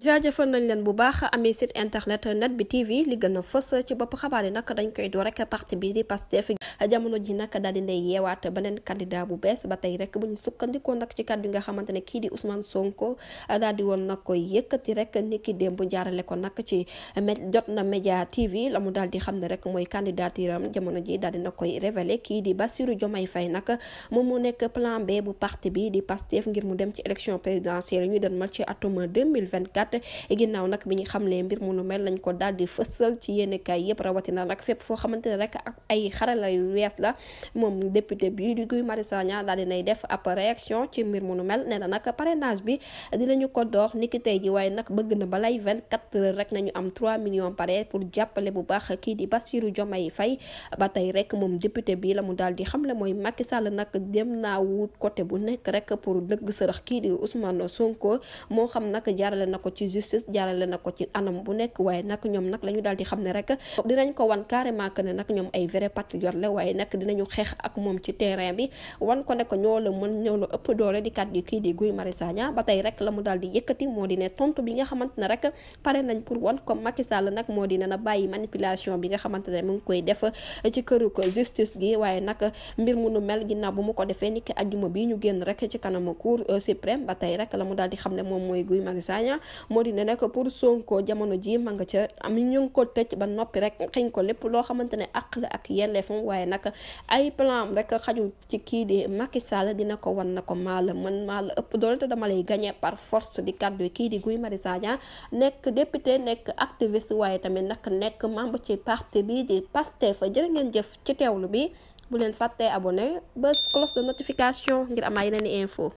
jaajëfal nañ leen bu baax amee site internet net bi TV li gën a fës ci bopp xabaar yi nag dañ koy doo rek parti bi di fi jamono ji nag daal di nay yeewaat beneen candidat bu bees ba tey rek bu ñu sukkandikoo nag ci kàddu yi nga xamante ne kii di Ousmane Sonko daal di woon nag koy yëkkati rek ni ki démb jaarale ko nag ci jot na média TV la mu daal di xam ne rek mooy candidature am jamono ji daal di na koy révélé kii di Bassirou Diomaye Faye nag moom mu nekk plan B bu parti bi di Pastef ngir mu dem ci élection présidentielle ñu at ginnaaw nag bi ñu xamlee mbir mu nu mel lañ ko daal di fësal ci yéenekaay yëpp rawatina nag fépp foo xamante ne rek ak ay xarala yu wees la moom député bi di Guy Marius Sagna nay def ab réaction ci mbir mu nu mel nee na nag parrainage bi dinañu ko doox niki tey ji waaye nag bëgg na balay 24 heures rek nañu am 3 millions pare pour jàppale bu baax kii di Bassirou Diomaye Faye ba tey rek moom député bi la mu daal di xamle mooy Macky Sall nag dem naa wut côté bu nekk rek pour dëgg sërëx kii di Ousmane Sonko moo xam nag jaarale na ko ci justice jàllale na ko ci anam bu nekk waaye nag ñoom nag la ñu daal di xam ne rek dinañ ko wan carrément que ne nag ñoom ay vrai patriote la waaye nag dinañu xeex ak moom ci terrain bi wan ko nekk ko ñoo la mën ñoo la ëpp doole di kàddu kii di Guy Marius ba tey rek la mu daal di yëkkati moo di ne tontu bi nga xamante ne rek pare nañ pour wan ko Macky Sall nag moo di ne na bàyyi manipulation bi nga xamante ne mu ngi koy def ci këru ko justice gi waaye nag mbir mu nu mel ginnaaw bu mu ko defee niki ajjuma bi ñu génn rek ci kanama cour suprême ba tey rek la mu daal di xam ne moom mooy Guy Marius moo di ne nag pour Sonko jamono ji ma nga ca am ñu ngi ko tëj ba noppi rek xëñ ko lépp loo xamante ne àq la ak yelleefam waaye nag ay plan rek xajul ci kii di Macky Sall dina ko wan na ko maa la mën maa la ëpp doole dama lay gagné par force di kàddu kii di Guy Marius Sagna nekk député nekk activiste waaye tamit nag nekk membre ci parti bi di fa jërë ngeen jëf ci teewlu bi bu leen fàttee abonné ba cloche de notification ngir am ay yeneen info